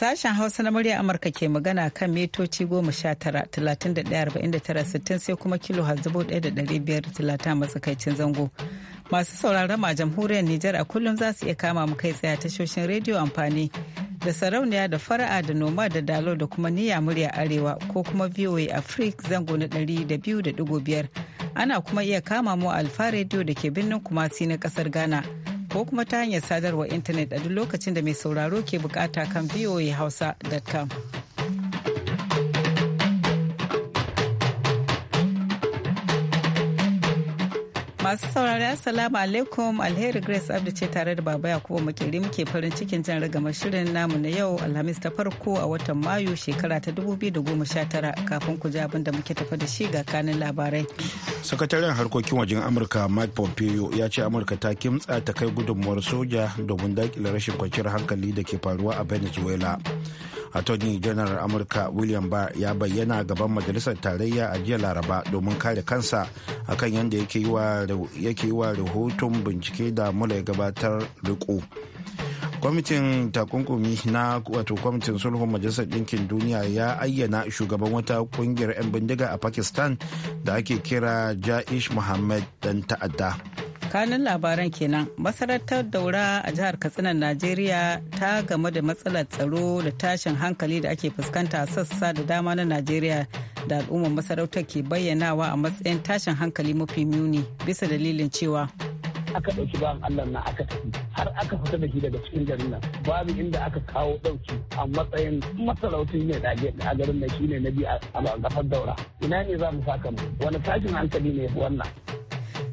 Sashen Hausa na murya Amurka ke magana kan metoci goma sha tara talatin sittin sai kuma kilo hazubo ɗaya da dari biyar matsakaicin zango. Masu sauraron ma jamhuriyar Nijar a kullum za su iya kama mu kai tsaye tashoshin rediyo amfani da sarauniya da fara'a da noma da dalo da kuma niyya murya arewa ko kuma VOA Africa zango na ɗari da biyu da ɗigo biyar. Ana kuma iya kama mu alfa rediyo da ke birnin Kumasi na kasar Ghana. ko kuma ta hanyar sadarwar intanet a duk lokacin da mai sauraro ke bukata kan hausa.com. masu saurari assalamu alaikum alheri grace abdu ce tare da baba yakubu makeri muke farin cikin jan ragama shirin namu na yau alhamis ta farko a watan mayu shekara ta 2019 kafin ku ji abin da muke tafa da shi ga kanin labarai sakataren harkokin wajen amurka mike pompeo ya ce amurka ta kimtsa ta kai gudunmuwar soja domin daƙile rashin kwanciyar hankali da ke faruwa a venezuela attorney general amurka william barr ya bayyana gaban majalisar tarayya a jiya laraba domin kare kansa akan yadda yake yi wa rahoton bincike da mula ya gabatar riko kwamitin takunkumi na wato kwamitin sulhun majalisar ɗinkin duniya ya ayyana shugaban wata kungiyar 'yan bindiga a pakistan da ake kira ja'ish muhammad dan ta'adda kanin labaran kenan masarautar daura a jihar katsina najeriya ta game da matsalar tsaro da tashin hankali da ake fuskanta a sassa da dama na najeriya da al'ummar masarautar ke bayyanawa a matsayin tashin hankali mafi muni bisa dalilin cewa aka ɗauki bayan Allah na aka tafi har aka fita da shi daga cikin garin nan babu inda aka kawo ɗauki a matsayin masarautun ne da a garin nan shine na biyu a gafar daura ina ne za mu saka mu wani tashin hankali ne wannan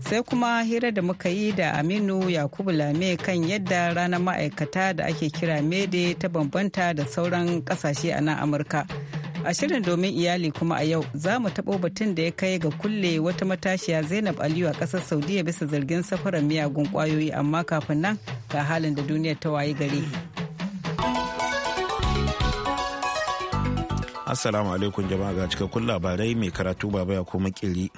sai kuma hira da muka yi da aminu yakubu lame kan yadda ranar ma'aikata da ake kira mede ta bambanta da sauran kasashe a nan amurka a shirin domin iyali kuma a yau za mu taɓo batun da ya kai ga kulle wata matashiya zainab aliyu a ƙasar saudiya bisa zargin safarar miyagun ƙwayoyi amma kafin nan ga halin da duniyar ta wayi gari assalamu alaikum jama'a ga cikakkun labarai mai karatu baba ya kuma kiri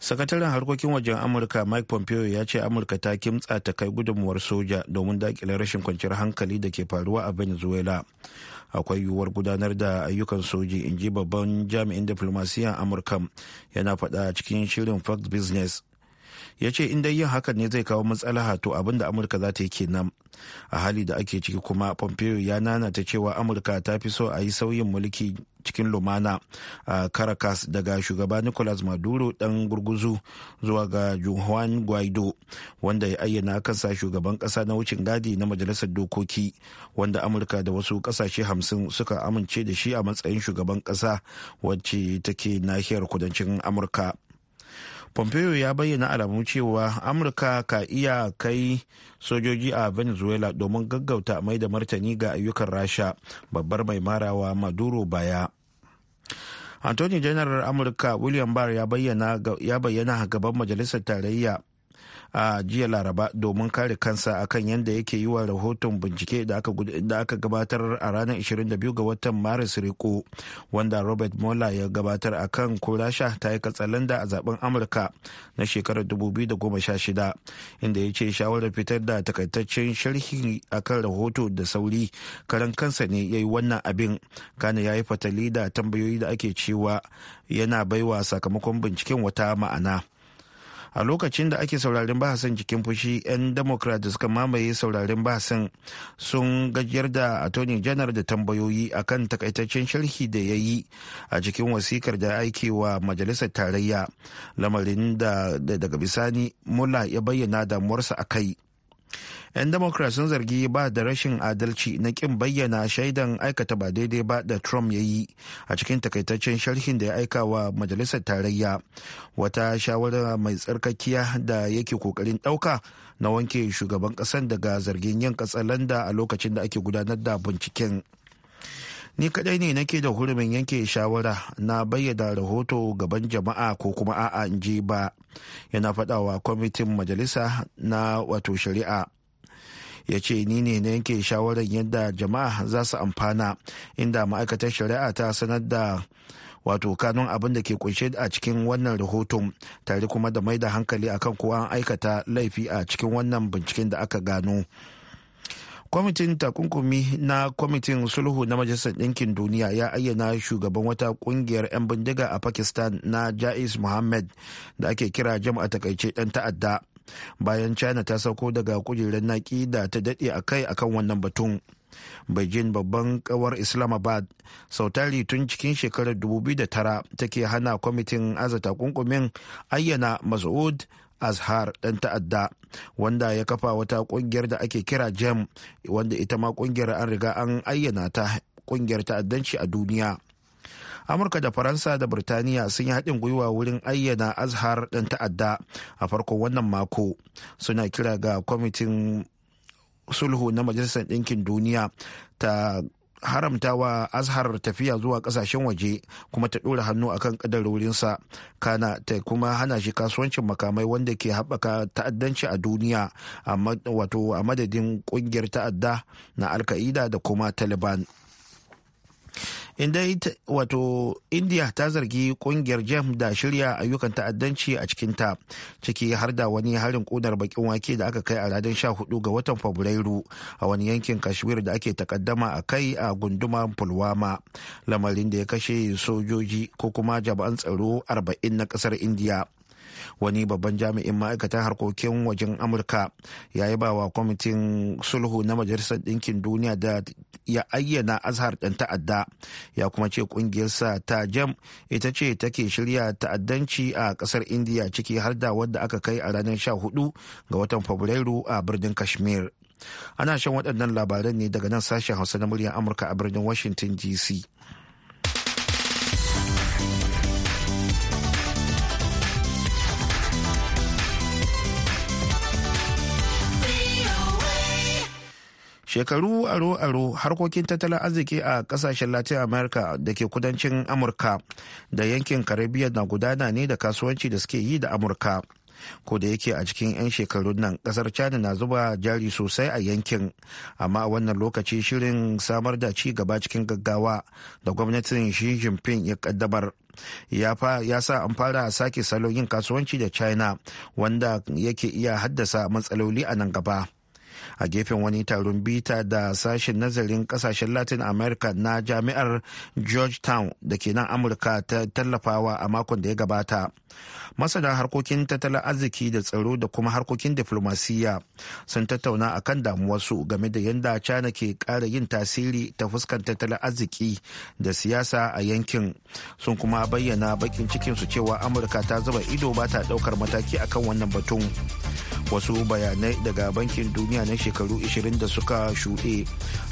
sakataren harkokin wajen amurka mike pompeo ya ce amurka ta kimtsa ta kai gudunmuwar soja domin dakile rashin kwanciyar hankali da ke faruwa a venezuela akwai yiwuwar gudanar da ayyukan soji in ji babban jami'in diplomasiyya amurka yana faɗa a cikin shirin fox business ya ce in dai yin hakan ne zai kawo matsalaha to abin da amurka za ta yi kenan a hali da ake ciki kuma pompeo ya nana ta cewa amurka ta fi so a yi sauyin mulki cikin lumana a caracas daga shugaba nicolas maduro dan gurguzu zuwa ga juan guaido wanda ya ayyana kansa shugaban kasa na wucin gadi na majalisar dokoki wanda amurka da wasu kasashe hamsin suka amince da shi a matsayin shugaban kasa wacce take nahiyar kudancin amurka pompeo ya bayyana alamu cewa amurka ka iya kai sojoji a venezuela domin gaggauta mai da martani ga ayyukan rasha babbar mai marawa maduro baya anthony general amurka william barr ya bayyana gaban majalisar tarayya a jiya laraba domin kare kansa akan yadda yake yi wa rahoton bincike da aka gabatar a ranar 22 ga watan maris riko wanda robert mola ya gabatar a kan kurasha ta yi katsalanda a zaben amurka na shekarar 2016 inda ya ce shawarar fitar da takaitaccen sharhi akan rahoto da sauri karan kansa ne ya yi wannan abin kana ya yi fatali da tambayoyi da ake cewa yana baiwa sakamakon binciken wata ma'ana. a lokacin da ake saurarin bahasan cikin fushi 'yan democrat da suka mamaye saurarin bahasan sun gajiyar da attorney janar da tambayoyi akan takaitaccen sharhi da ya yi a cikin wasikar da aike wa majalisar tarayya lamarin da daga bisani mula ya bayyana damuwarsa a kai 'yan democrat sun zargi ba da rashin adalci na kin bayyana shaidan aikata ba daidai ba da trump ya yi a cikin takaitaccen sharhin da ya aika wa majalisar tarayya wata shawara mai tsarkakiya da yake kokarin ɗauka na wanke shugaban ƙasan daga zargin yin katsalanda a lokacin da ake gudanar da binciken ni kadai ne nake da hurumin yanke shawara na bayyana rahoto gaban jama'a ko kuma a'a in je ba yana faɗawa kwamitin majalisa na wato shari'a ya ce ni ne na yanke shawarar yadda jama'a za su amfana inda ma'aikatar shari'a ta sanar da wato kanun abin da ke kunshe a cikin wannan rahoton tare kuma da mai da hankali akan ko an aikata laifi a cikin wannan binciken da aka gano kwamitin takunkumi na kwamitin sulhu na majalisar ɗinkin duniya ya ayyana shugaban wata ƙungiyar 'yan bindiga a pakistan na jais muhammad da ake kira jam a takaice ɗan ta'adda bayan china ta sauko daga kujerar naki da ta daɗe a kai akan wannan batun beijing babban kawar islamabad sautari tun cikin shekarar 2009 take hana kwamitin azata kunkumin ayyana mas'ud azhar ɗan ta'adda wanda ya kafa wata ƙungiyar da ake kira jam wanda ita ma ƙungiyar an riga an ayyana ta ƙungiyar ta'addanci a duniya amurka da faransa da birtaniya sun yi haɗin gwiwa wurin ayyana azhar ɗan ta'adda a farkon wannan mako suna kira ga kwamitin sulhu na majalisar ɗinkin duniya ta haramta wa azhar tafiya zuwa ƙasashen waje kuma ta ɗora hannu akan ƙadarorinsa kana ta kuma hana shi kasuwancin makamai wanda ke haɓaka ta'addanci a duniya wato a madadin ƙungiyar ta'adda na alka'ida da kuma taliban in dai wato india ta zargi kungiyar jam da shirya ayyukan ta'addanci a cikinta ciki har da wani harin kunar bakin wake da aka kai a ranar 14 ga watan fabrairu a wani yankin kashmir da ake takaddama a kai a gundumar pulwama lamarin da ya kashe sojoji ko kuma jami'an tsaro arba'in na kasar india wani babban jami'in ma'aikatan harkokin wajen amurka ya yi bawa kwamitin sulhu na majalisar ɗinkin duniya da ya ayyana azhar ɗan ta'adda ya kuma ce ƙungiyarsa ta jam ita ce take shirya ta'addanci a ƙasar indiya ciki har da wadda aka kai a ranar sha hudu ga watan fabrairu a birnin kashmir ana shan waɗannan labaran ne daga nan sashen hausa na muryar amurka a birnin washington dc shekaru aro-aro harkokin tattalin arziki a kasashen latin america da ke kudancin amurka da yankin caribbean na gudana ne da kasuwanci da suke yi da amurka ko da yake a cikin 'yan shekarun nan kasar china na zuba jari sosai a yankin amma a wannan lokaci shirin samar da ci gaba cikin gaggawa da gwamnatin shi jinping ya kaddamar ya sa an fara sake salon yin kasuwanci da china wanda yake iya haddasa matsaloli a nan gaba. a gefen wani taron bita da sashen nazarin kasashen latin america na jami'ar georgetown da ke nan amurka ta tallafawa a makon da ya gabata masana harkokin tattalin arziki da tsaro da kuma harkokin diflomasiyya sun tattauna akan damuwarsu game da yadda china ke kara yin tasiri ta fuskan tattalin arziki da siyasa a yankin sun kuma bayyana bakin cikinsu cewa amurka ta zuba ido ba ta daukar mataki akan wannan batun wasu bayanai daga bankin duniya na shekaru 20 da suka shuɗe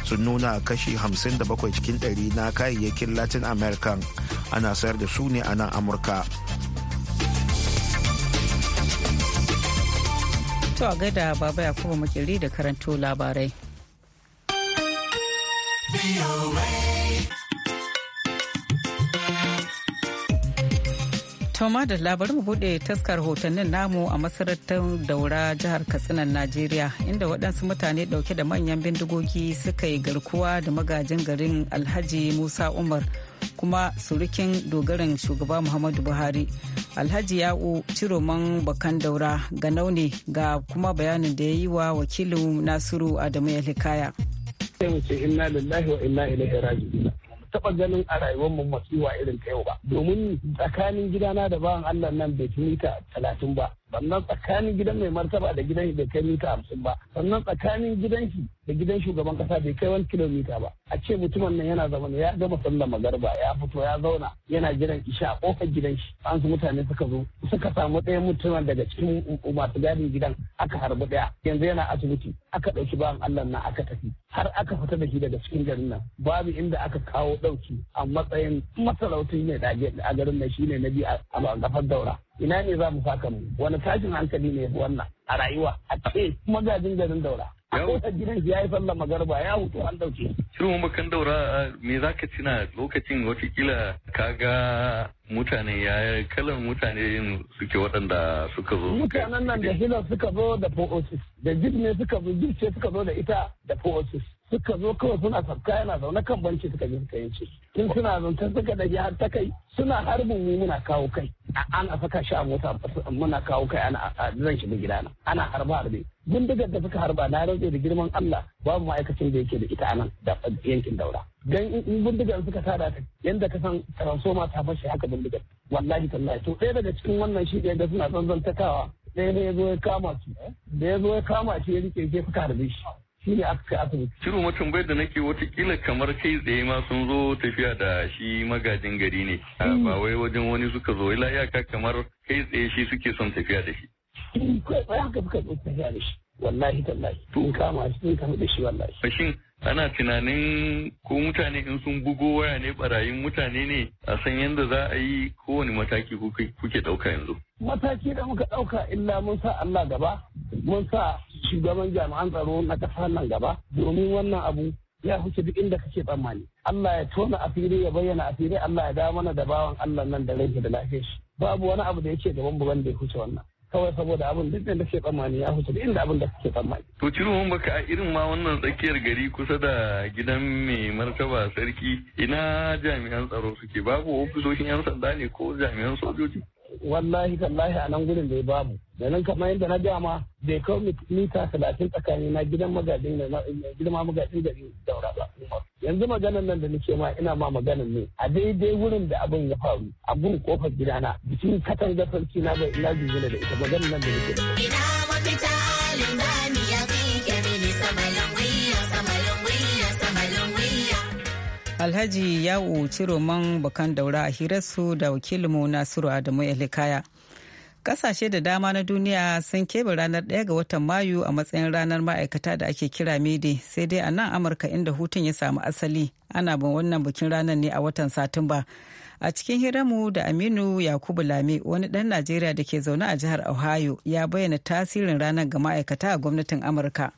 sun nuna kashi 57 cikin ɗari na kayayyakin latin america ana sayar da su ne a nan amurka To a gaida baba ya kuma makiri da karanto labarai. Toma da labarin mu bude taskar hotonnin namu a masarautar daura jihar Katsina Najeriya inda waɗansu mutane ɗauke da manyan bindigogi suka yi garkuwa da magajin garin Alhaji Musa Umar kuma surukin dogaran shugaba Muhammadu Buhari. Alhaji Ya'u Ciroman Bakan Daura ga naune ga kuma bayanin da ya yi wa wakilin Nasiru Adamu Yalikaya. taɓa ganin a rayuwar mu masu masiwa irin ta yau ba domin tsakanin gidana da bawan Allah nan bai fi mita talatin ba sannan tsakanin gidan mai martaba da gidan bai kai mita hamsin ba sannan tsakanin gidan shi da gidan shugaban kasa bai kai wani kilomita ba a ce mutumin nan yana zama ya gama sallama garba ya fito ya zauna yana jiran isha a kofar gidan shi an su mutane suka zo suka samu ɗaya mutumin daga cikin masu gadin gidan aka harbi ɗaya yanzu yana asibiti aka ɗauki bayan allah na aka tafi har aka fita da shi daga cikin garin nan babu inda aka kawo ɗauki a matsayin masarautar ne a garin nan shine na biyu a gafar daura ina ne za mu saka mu wani tashin hankali ne wannan a rayuwa a ce magajin garin daura a kota gidan ya yi sallar magarba ya hutu an dauke shirin bakan daura me za ka cina lokacin watakila ka ga mutane ya kalan mutane yin suke waɗanda suka zo mutanen nan da hilar suka zo da poosis da jirgin ne suka zo jib ce suka zo da ita da poosis suka zo kawai suna sabka yana zaune kan banki suka je suka yance tun suna zancen suka dage har ta kai suna harbin mu muna kawo kai ana saka shi a mota muna kawo kai ana zan shiga na. ana harba harbe bindigar da suka harba na rantse da girman Allah babu ma'aikacin da yake da ita nan da yankin daura dan in bindigar suka tada ta yanda ka san ma ta fashe haka bindigar wallahi tallahi to ɗaya daga cikin wannan shi da suna zanzantakawa ɗaya ne ya zo ya kama shi da ya zo ya kama shi ya rike shi suka harbe shi shi ne aka kai asibiti. Shirin watan bai da nake watakila kamar kai tsaye ma sun zo tafiya da shi magajin gari ne. Hmm. Ba wai wajen wani suka zo ila iyaka kamar kai tsaye shi suke son tafiya da shi. Hmm, kai tsaye haka suka zo tafiya da shi. Wallahi tallahi. Tun kama shi sun kama da shi wallahi. Shin ana tunanin ko mutane in sun bugo waya ne barayin mutane ne a san yadda za a yi kowane mataki kuke ɗauka yanzu. Mataki da muka ɗauka illa mun sa Allah gaba, mun sa shugaban jami'an tsaro na ƙasa nan gaba domin wannan abu ya huce duk inda kake tsammani. Allah ya tona asiri ya bayyana asiri Allah ya dawo mana da bawan Allah nan da rai da lafiyar shi. Babu wani abu da yake gaban buban da ya huce wannan. kawai saboda abin duk da ke tsammani ya da inda abin da ke tsammani. To ciruwan baka a irin ma wannan tsakiyar gari kusa da gidan mai martaba sarki ina jami'an tsaro suke babu ofisoshin 'yan sanda ne ko jami'an sojoji. wallahi tallahi a nan gudun bai babu da nan kamar yadda na gaya ma bai kawo mita talatin tsakani na gidan magajin da girma magajin gari daura ba yanzu maganan nan da nake ma ina ma maganan ne a daidai wurin da abin ya faru a gun kofar gidana bikin katangar sarki na bai ina jingina da ita maganan nan da nake da ina alhaji yawo ciroman bakan daura a hirarsu da wakilinmu nasiru adamu elikaya kasashe da dama na duniya sun keɓe ranar 1 ga watan mayu a matsayin ranar ma'aikata da ake kira mede sai dai a nan amurka inda hutun ya samu asali ana bin wannan bikin ranar ne a watan satumba a cikin hiramu da aminu yakubu lame wani ɗan najeriya da ke zaune a jihar ohio ya bayyana tasirin ranar ga ma'aikata a gwamnatin amurka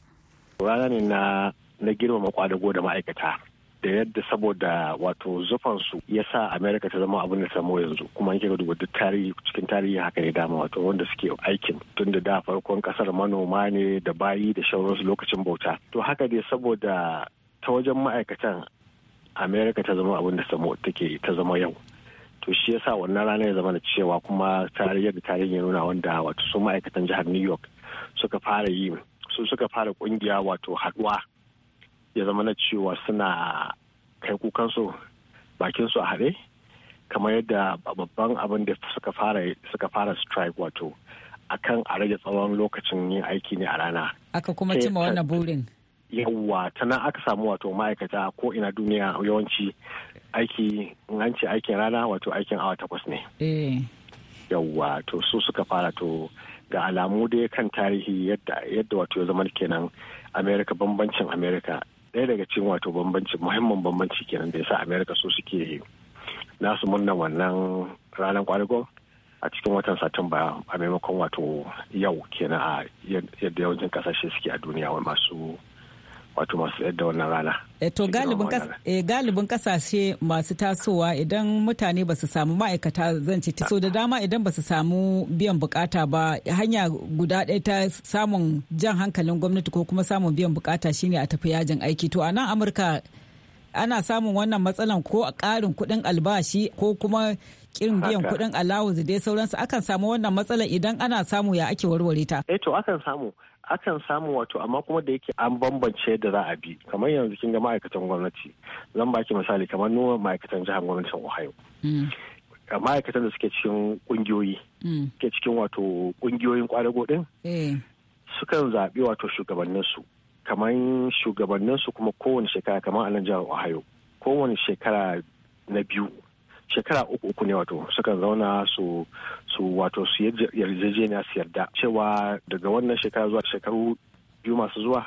ranar na na girmama kwadago da ma'aikata da yadda saboda wato zufansu ya sa amerika ta zama abin da ta yanzu kuma yake duba duk tarihi cikin tarihi haka ne dama wato wanda suke aikin tun da da farkon kasar manoma ne da bayi da shauransu lokacin bauta to haka dai saboda ta wajen ma'aikatan america ta zama abin da take ta zama yau to shi yasa wannan rana ya zama da cewa kuma tarihi da tarihi ya nuna wanda wato su ma'aikatan jihar new york suka fara yi su suka fara kungiya wato haduwa ya zama na cewa suna kai kukansu bakinsu a haɗe kamar yadda babban abin da suka fara suka fara strike wato akan a rage tsawon lokacin yin aiki ne a rana aka kuma cima wannan burin yawwa ta nan aka samu wato ma'aikata ko ina duniya yawanci aiki in an ce aikin rana wato aikin awa takwas ne eh. yawwa to su suka fara to ga alamu dai kan tarihi yadda wato ya zama kenan amerika bambancin amerika ɗaya daga cikin wato bambanci muhimmin bambanci kenan da sa america su suke nasu murna wannan ranar kwarigo a cikin watan satumba a maimakon wato yau kenan a yadda yawancin kasashe suke a duniya masu wato masu wannan rana. Eh, to eh, galibin kasashe masu tasowa idan mutane ba su samu ma'aikata zan ci so da dama idan ba su samu biyan bukata ba hanya guda ɗaya ta samun jan hankalin gwamnati ko kuma samun biyan bukata shine a tafi yajin aiki to a nan amurka ana samun wannan matsalan ko a ƙarin kuɗin albashi ko kuma kirin biyan kuɗin alawuzi dai sauransu akan samu wannan matsalan idan ana samu ya ake warware ta. Eh akan samu akan samu wato amma kuma da yake an bambance da za a bi kamar yanzu kin ga ma'aikatan gwamnati zan baki misali kamar nuna ma'aikatan jihar gwamnatin ohio hmm. ma'aikatan da suke cikin kungiyoyi hmm. ke cikin wato kungiyoyin kwadago din eh. sukan zaɓi wato shugabannin su kamar shugabannin su kuma kowane shekara kamar a nan jihar ohio kowane shekara na biyu shekara uku uku ne wato sukan zauna su su wato su yarjejeniya su yarda cewa daga wannan shekara zuwa shekaru biyu masu zuwa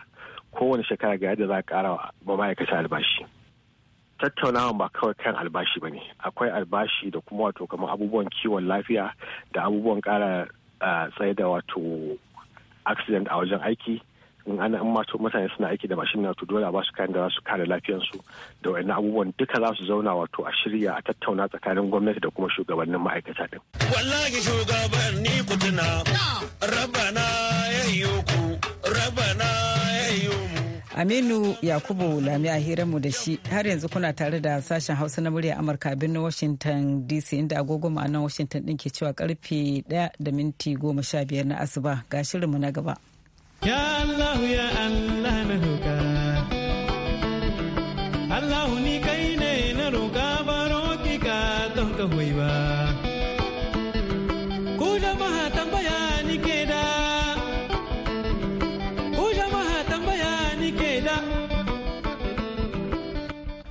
kowane shekara ga yadda za a kara ba ma'aikata albashi tattaunawa ba kawai kan albashi ba ne akwai albashi da kuma wato kamar abubuwan kiwon lafiya da abubuwan kara ah, tsaye da wato accident a wajen aiki in ana in mato mutane suna aiki da mashin wato dole ba su kayan da za su kare lafiyarsu da wayannan abubuwan duka za su zauna wato a shirya a tattauna tsakanin gwamnati da kuma shugabannin ma'aikata din. Wallahi shugabanni ku tuna rabana ya yi ku rabana ya yi mu. Aminu Yakubu Lami a mu da shi har yanzu kuna tare da sashen Hausa na murya Amurka a birnin Washington DC inda agogo ma'anan Washington din ke cewa karfe 1 da minti 15 na asuba ga shirinmu na gaba. Ya Allah ya Allah na roƙa. Allah ni kai ne na roƙa baro ki ka don ka hoyi ba. Ku jama'a tambaya ni ke da. Ku jama'a tambaya ni ke da.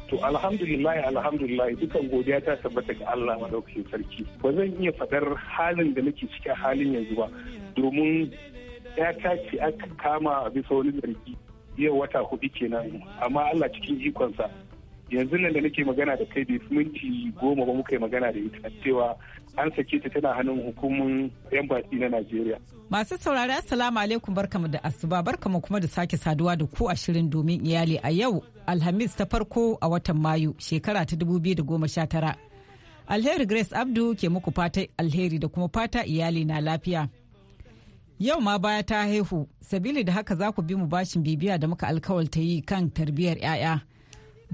To alhamdulillah alhamdulillah dukan godiya ta tabbata ga Allah madaukakin sarki. Ba zan iya faɗar halin da nake cikin halin yanzu ba domin ya ce aka kama a bisa wani zargi yau wata hudu kenan amma Allah cikin ikonsa yanzu nan da nake magana da kai bai minti goma ba muka yi magana da ita cewa an sake ta tana hannun hukumun yan baki na Najeriya. Masu saurari assalamu alaikum barkamu da asuba barkamu kuma da sake saduwa da ku a shirin domin iyali a yau Alhamis ta farko a watan Mayu shekara ta 2019. Alheri Grace Abdu ke muku fata alheri da kuma fata iyali na lafiya. Yau ma baya ta haihu, sabili da haka za ku bi mu bashin bibiya da muka alkawalta yi kan tarbiyyar 'ya'ya.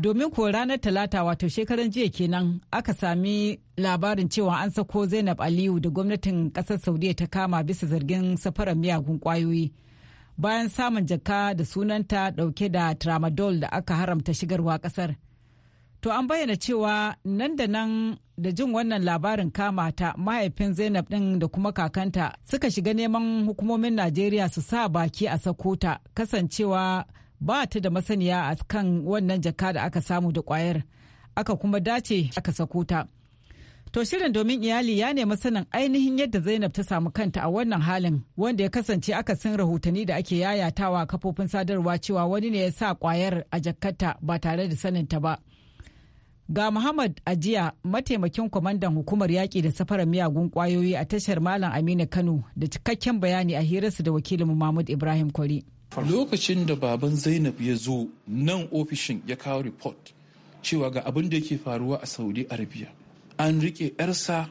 Domin ko ranar talata wato shekaran jiya kenan aka sami labarin cewa an sako Zainab Aliyu da gwamnatin kasar Saudiya ta kama bisa zargin safarar miyagun kwayoyi. Bayan samun jaka da sunanta dauke da tramadol da aka haramta shigarwa kasar. To an bayyana cewa nan da nan da jin wannan labarin kama ta mahaifin Zainab ɗin da kuma kakanta suka shiga neman hukumomin Najeriya su sa baki a sakota kasancewa ba ta da masaniya a kan wannan jaka da aka samu da kwayar aka kuma dace aka sakota. To shirin domin iyali ya nemi sanin ainihin yadda Zainab ta samu kanta a wannan halin wanda ya kasance aka san rahotanni da ake yayatawa kafofin sadarwa cewa wani ne ya sa kwayar a jakarta ba tare da saninta ba. Ga Muhammad Ajiya mataimakin kwamandan hukumar yaƙi da safarar miyagun kwayoyi a tashar Malam Aminu Kano da cikakken bayani a hirarsa da wakilin Mahmud Ibrahim Kwari. Lokacin da baban Zainab ya zo nan ofishin ya kawo report cewa ga abin da yake faruwa a Saudi Arabia. An riƙe 'yarsa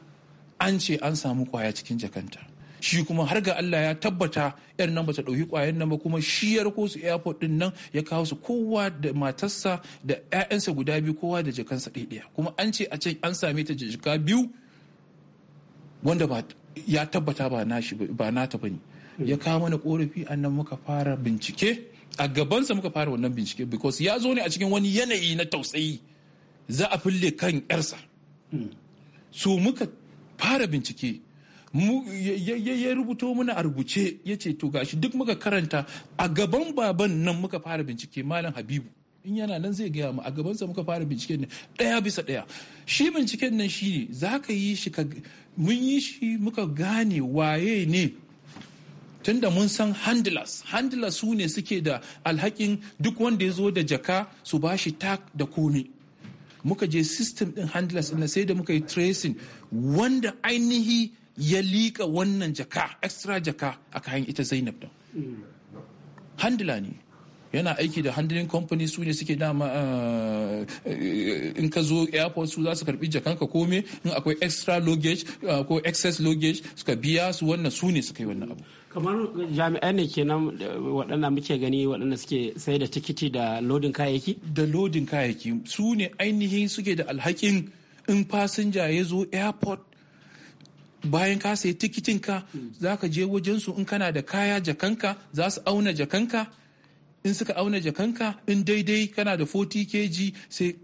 an ce an samu kwaya cikin jakanta. shi kuma har ga Allah ya tabbata yar nan bata ɗauki ƙwayar nan ba kuma shi ya rako su airport din nan ya kawo su kowa da matarsa da ƴaƴansa guda biyu kowa da jikansa ɗaya kuma an ce a ce an same ta jika biyu wanda ba ya tabbata ba nashi ba nata bane ya kawo mana korafi annan muka fara bincike a gabansa muka fara wannan bincike because ya zo ne a cikin wani yanayi na tausayi za a fille kan ƴarsa hmm. so muka fara bincike ya rubuto muna a rubuce ya ce to gashi duk muka karanta a gaban baban nan muka fara bincike malam habibu in yana nan zai gaya mu a gabansa muka fara bincike nan ɗaya bisa ɗaya shi binciken nan shi ne za ka yi shi ka mun yi shi muka gane waye ne tunda mun san handlers handlers su ne suke da alhakin duk wanda ya zo da jaka su ba shi tak da komi muka je system din handlers na sai da muka yi tracing wanda ainihi ya liƙa wannan jaka extra jaka a kayan ita zainab da handila ne yana aiki da handling company su ne suke dama eh, in ka zo airport su za su karbi jakanka kome in akwai extra luggage ko excess luggage suka biya su wannan su ne suka yi wannan abu kamar jami'ai ne kenan eh, waɗanda muke gani waɗanda suke sai da tikiti da lodin kayayyaki da lodin kayayyaki su ne ainihin suke da alhakin in fasinja ya zo airport bayan ka sayi tikitin ka za ka je wajensu in kana da kaya jakanka za su auna jakanka in suka auna jakanka in daidai kana da 40 kg sai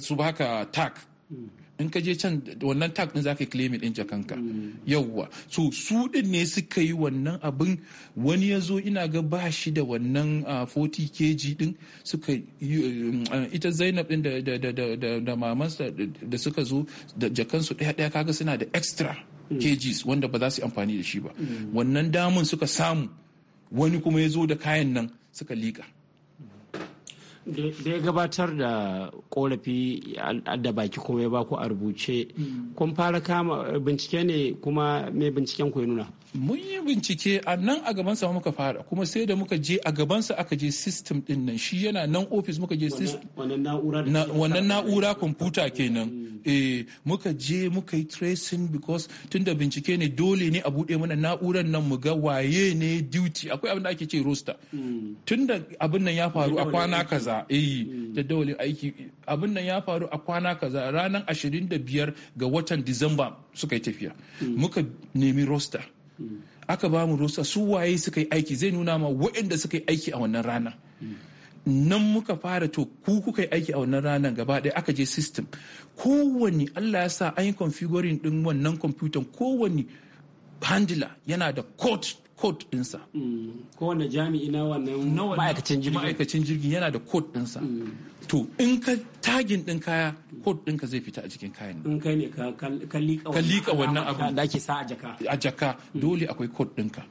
su baka tak in ka je can wannan tak din ka claim din jakanka yauwa so su din ne suka yi wannan abin wani ya zo ina ga ba shi da wannan 40 kg din suka um, ita zainab din da mamansa da suka zo da jakansu daya daya kaga suna da extra kgs mm. wanda ba za su yi amfani da shi ba mm. wannan damun suka samu wani kuma ya zo da kayan nan suka liƙa da ya gabatar da korafi da baki kuma ya baku a rubuce mm. kun fara kama bincike ne kuma mai binciken ku ya nuna mun yi bincike a nan a gabansa muka fara kuma sai da muka je a gabansa aka je system din nan shi yana nan office muka je wannan na'ura kwamfuta kenan mm. eh muka je muka yi tracing because tunda bincike ne dole ne a buɗe mana na'urar nan mu ga waye ne duty akwai abin da ake ce roster mm. tunda abin nan ya faru a kwana kaza eh hmm. jaddawalin aiki abin nan ya faru a kwana kaza ranar ashirin da biyar ga watan disamba suka yi tafiya hmm. muka nemi roster hmm. aka ba mu roster su waye suka yi aiki zai nuna ma waɗanda suka yi aiki a wannan rana nan muka fara to ku kuka yi aiki a wannan ranar gaba ɗaya aka je system kowanne allah ya sa an yi configuring ɗin wannan kwamfutan kowanne handler yana da code code ɗinsa. Mm. Kowane jami'i na wannan ma'aikacin jirgi. yana da code ɗinsa. Mm. to in ka tagin din kaya kod ɗinka zai fita a cikin kayan in kai ne ka liƙa wannan abu da ake sa a jaka a jaka mm. dole akwai kod ɗinka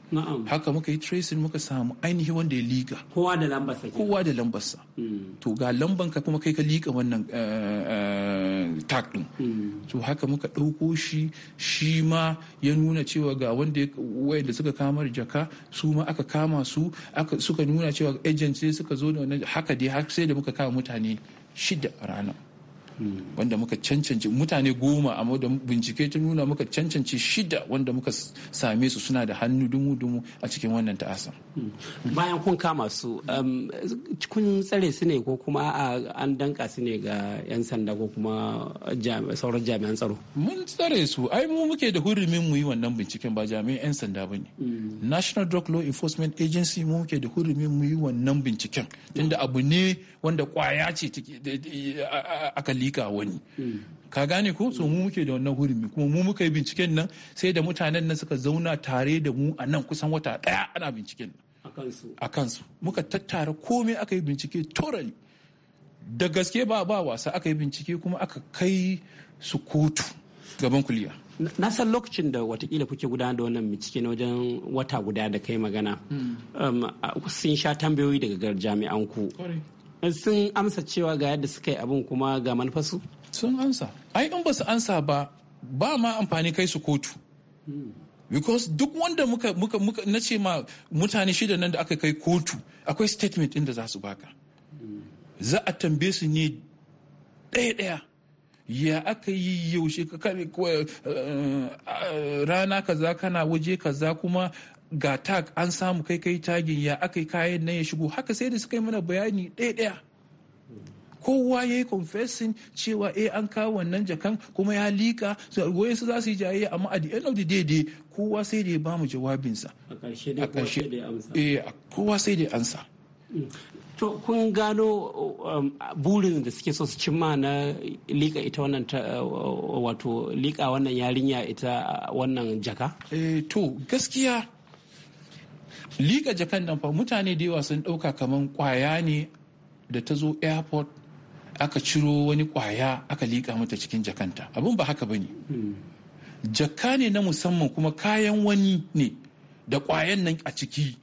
haka muka yi tracing muka samu ainihi wanda ya liƙa kowa da lambarsa kowa da lambarsa mm. to ga lamban ka kuma kai ka liƙa wannan eh, eh, tag ɗin mm. to haka muka ɗauko shi shi ma ya nuna cewa ga wanda wayanda suka kama jaka su ma aka kama su suka nuna cewa agent sai suka zo da wannan haka dai har sai da muka kama mutane يعني شده رعنا wanda muka cancanci mutane goma amma da bincike ta nuna muka cancanci shida wanda muka same su suna da hannu dumu-dumu a cikin wannan ta'asa. bayan kun kama su um, kun tsare su ne ko kuma an danka su ne ga 'yan sanda ko kuma sauran jami'an tsaro mun tsare su ai mu muke da hurumin mu yi wannan binciken ba jami'an 'yan sanda ba ne mm. national drug law enforcement agency mu muke da hurumin mu yi wannan binciken tunda abu ne wanda kwaya ce eh, eh, a akali hakika wani hmm. ka gane ko so mu muke da wannan hurumi kuma mu muka yi binciken nan sai da mutanen nan suka zauna tare da mu a nan kusan wata daya ana binciken nan a kansu muka tattara komai aka yi bincike torali da gaske ba ba wasa aka yi bincike kuma aka kai su kotu gaban kuliya na san lokacin da watakila kuke gudanar da wannan bincike na wajen wata guda da kai magana hmm. um, sun sha tambayoyi daga jami'an ku sun amsa cewa ga yadda suka yi abin kuma ga manufarsu sun amsa ai in ba su ansa ba ba ma amfani kai su kotu because duk wanda muka muka muka na ce ma mutane shida nan da aka kai kotu akwai statement inda za su baka za a tambaye su ne ɗaya-ɗaya ya aka yi yaushe ka eh, eh, rana kaza kana waje kaza kuma ga tag an samu kai kai tagin ya aka yi kayan nan ya shigo haka sai da suka yi mana bayani ɗaya-ɗaya kowa ya yi confessing cewa eh an kawo wannan jakan kuma ya lika goye su za su yi jaye amma a the end of the day dai kowa sai da ya ba mu jawabinsa a ƙarshe eh kowa sai da ya ansa mm. to kun gano um, burin da suke so su cimma na lika ita wannan uh, wato lika wannan yarinya ita uh, wannan jaka eh, to gaskiya liƙa jakan nan fa mutane da yawa sun ɗauka kamar kwaya ne da ta zo airport aka ciro wani kwaya aka liƙa mata cikin jakanta abin ba haka ba ne hmm. jaka ne na musamman kuma kayan wani ne da ƙwayan nan a ciki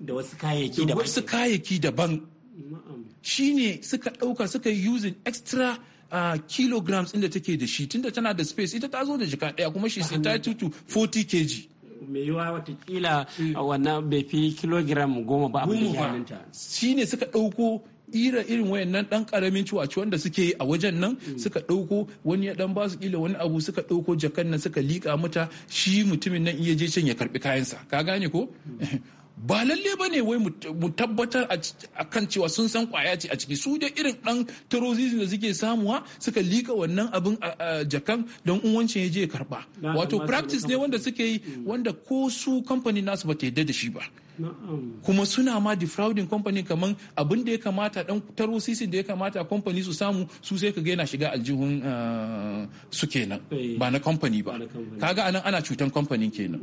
da wasu kayayyaki daban wasu kayayyaki daban shine suka ɗauka suka yi using extra uh, kilograms inda take da shi tunda tana da space ita ta zo da jika ɗaya kuma shi sai ta tutu 40 kg mai yiwa watakila mm. wannan bai fi kilogiram goma ba abin da shi ne suka ɗauko ira irin wayannan dan karamin ciwo ciwon da suke yi a wajen nan mm. suka ɗauko wani ya dan ba su kila wani abu suka ɗauko jakan nan suka liƙa mata shi mutumin nan iya je can ya karbi kayansa ka gane ko mm. ba lalle ba ne wai mu tabbatar a kan cewa sun san kwaya ce a ciki su dai irin dan terrorism da suke samuwa suka lika wannan abin a jakan don unwancin ya je ya karba wato practice ne wanda suke yi mm. wanda ko su kamfani nasu ba ta yadda da shi ba kuma suna ma defrauding company kamar abin da ya kamata dan taro sisin da ya kamata company su samu su sai kaga yana shiga aljihun ah, su kenan eh. ba na company ba kaga anan ana cutan company kenan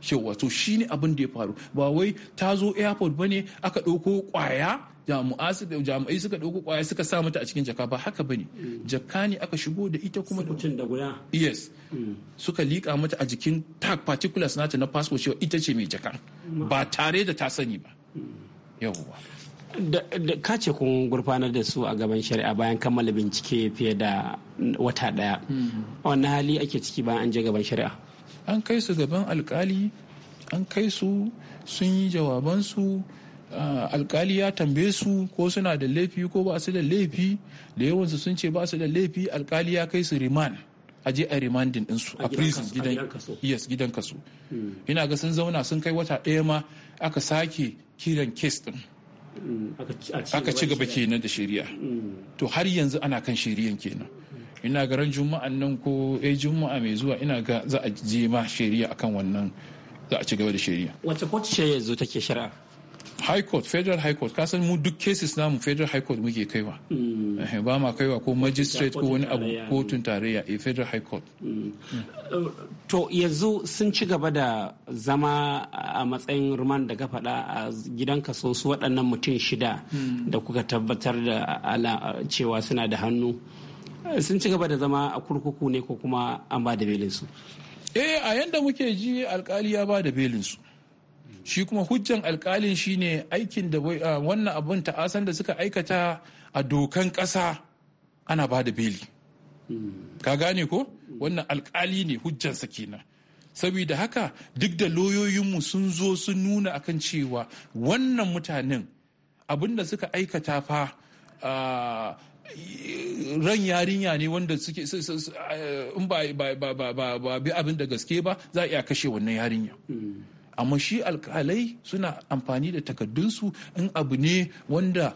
shi mm. wato shine abin da ya faru ba wai ta zo airport bane aka ɗauko kwaya jami'ai suka dauko kwaya suka sa mata a cikin jaka ba haka bane mm. jaka ne aka shigo da ita kuma da guda yes mm. suka lika mata a jikin tag particulars nata na passport cewa ita ce mai jaka ba tare da ta sani ba mm. yawwa da ce kun gurfanar da su a gaban shari'a bayan kammala bincike fiye da wata daya wani hali ake ciki bayan an je gaban shari'a an kai su gaban alkali an kai su sun yi jawabansu Ah, alkali ya tambaye su ko suna da laifi ko ba su da laifi da yawansu sun ce ba su da laifi alkali ya kai su riman a je a remanding su a prison gidan yes gidan kaso hmm. ina ga sun zauna sun kai wata ɗaya ma aka sake kiran kes din. Hmm, aka ci gaba kenan da shari'a hmm. to har yanzu ana kan shari'an kenan ina ga ran juma'an nan ko eh juma'a mai zuwa ina ga za a je ma shari'a akan wannan za a ci gaba da shari'a wace kotu yanzu take shari'a high court federal high court kasan mu duk cases namu federal high court muke kaiwa mm. eh, ba ma kaiwa ko magistrate ko wani abu kotun tarayya a eh, federal high court mm. uh, to yanzu sun ci gaba da zama a matsayin ruman da ka faɗa a gidan kaso su waɗannan mutum shida mm. da kuka tabbatar da cewa suna da hannu eh, sun ci gaba da zama a kurkuku ne ko kuma an ba da belinsu eh a yanda muke ji alkali ya ba da belinsu shi kuma hujjan alkalin shine aikin da ah, wannan abin ta'asan da suka aikata a dokan ƙasa ana ba da beli ka gane ko wannan alkali ne hujjansa kenan saboda haka duk da loyoyinmu sun zo sun nuna akan cewa wannan mutanen abin da suka aikata fa ah, ran yarinya ne wanda suke ah, in ba bi abin da gaske ba za a iya kashe wannan yarinya amma shi alkalai suna amfani da takaddunsu in abu ne wanda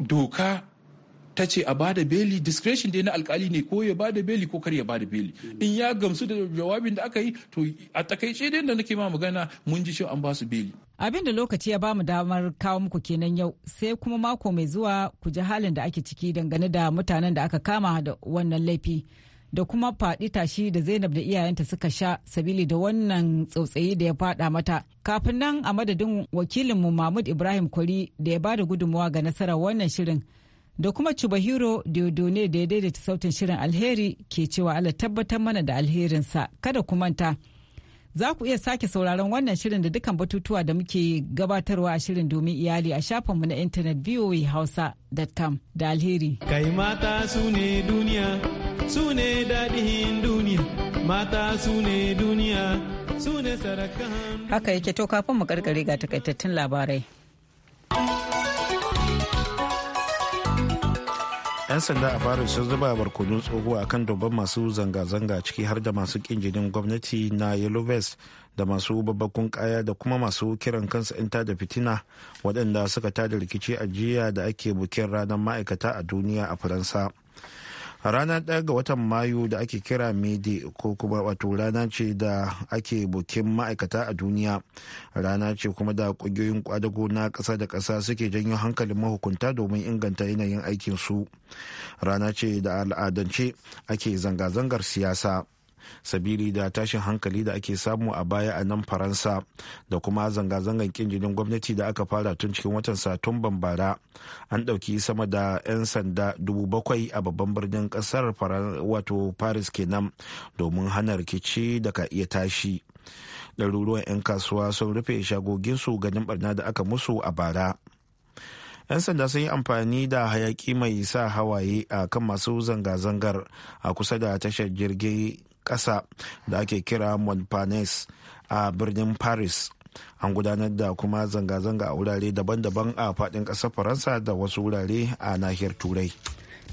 doka ta ce a bada beli discretion dai na alkali ne ko ya bada beli ko kar ya bada beli in ya gamsu da jawabin da aka yi to a takaice dai da nake ma magana mun ji an ba su beli abin da lokaci ya bamu damar kawo muku kenan yau sai kuma mako mai zuwa ku ji halin da ake ciki dangane da mutanen da aka kama da wannan laifi da kuma faɗi tashi da zainab da iyayenta suka sha sabili da wannan tsautsayi da ya faɗa mata kafin nan a madadin wakilinmu mahmud ibrahim kwari da ya ba da gudunmawa ga nasarar wannan shirin da kuma Chubahiro Diodone da ya daidaita sautin shirin alheri ke cewa Allah tabbatar mana da alherinsa kada ku manta Za ku iya sake sauraron wannan shirin da dukkan batutuwa da muke gabatarwa a shirin domin iyali a shafinmu na intanet voahausa.com da alheri. Kai mata su ne duniya, su ne daɗin duniya, mata su ne duniya, su ne sarakan. Haka yake to kafin mu karkare ga takaitattun labarai. 'yan sanda a paris sun zuba barkonon tsoho a kan dubban masu zanga-zanga ciki har da masu kin jinin gwamnati na yellow vest da masu babbakun kaya da kuma masu kiran kansu 'yan da fitina waɗanda suka tada rikici a jiya da ake bukin ranar ma'aikata a duniya a faransa ranar ɗaya ga watan mayu da ake kira mede ko kuma wato rana ce da ake bukin ma'aikata a duniya rana ce kuma da ƙungiyoyin kwadago na ƙasa da ƙasa suke janyo hankalin mahukunta domin inganta yanayin aikinsu rana ce da al'adance ake zanga-zangar siyasa sabili da tashin hankali da ake samu a baya a nan faransa da kuma zanga-zangar kin gwamnati da aka fara tun cikin watan satumban bara an ɗauki sama da 'yan sanda dubu bakwai a babban birnin ƙasar wato paris kenan domin hana rikici da ka iya tashi ɗaruruwan 'yan kasuwa sun rufe shagoginsu ganin barna da aka musu a bara 'yan sanda sun yi amfani da hayaki mai sa hawaye a kan masu zanga-zangar a kusa da tashar jirgin kasa da ake kira montparnasse a birnin paris an gudanar da kuma zanga-zanga a wurare daban-daban a fadin ƙasar faransa da wasu wurare a nahiyar turai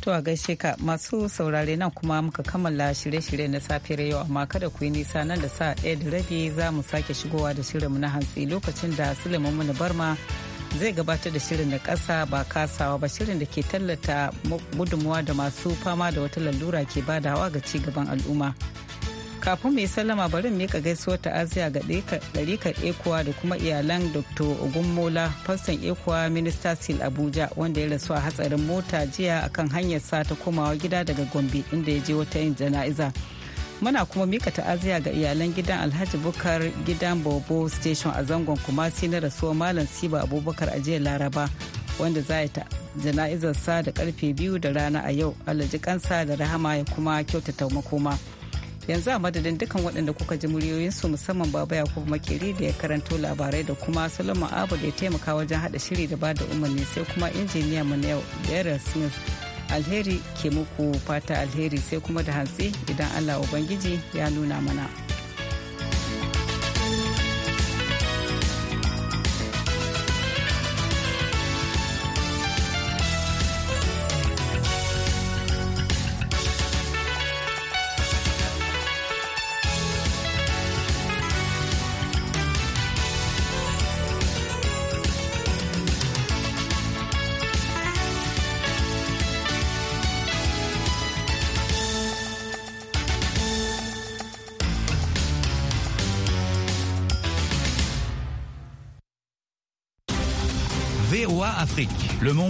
To a gaishe ka masu saurare nan kuma muka kammala shirye-shirye na safiyar yau amma kada ku yi nisa nan da sa ɗaya da rabi za mu sake shigowa da shirinmu na hantsi lokacin da Suleiman Muni Barma zai gabatar da shirin da kasa ba kasawa ba shirin da ke tallata gudunmuwa da masu fama da wata lalura ke badawa ga ci gaban al'umma kafin mai sallama bari mika gaisuwar ta'aziya ga ɗarikar ekuwa da kuma iyalan dr ogunmola faston ekuwa minista sil abuja wanda ya rasu a hatsarin mota jiya akan hanyar sa ta komawa gida daga gombe inda ya je wata yin jana'iza. muna kuma mika ta'aziyya ga iyalan gidan alhaji bukar gidan bobo station a zangon kumasi na rasuwar malam siba abubakar a jiya laraba wanda za ta sa da karfe biyu da rana a yau alhaji kansa da rahama ya kuma kyautata makoma yanzu a madadin dukkan waɗanda kuka ji muryoyinsu musamman baba yakubu makeri da ya karanto labarai da kuma solomon abu da ya taimaka wajen haɗa shiri da bada umarni sai kuma injiniya mu na yau smith alheri ke muku fata alheri sai kuma da hantsi idan allah ubangiji ya nuna mana. Le Monde.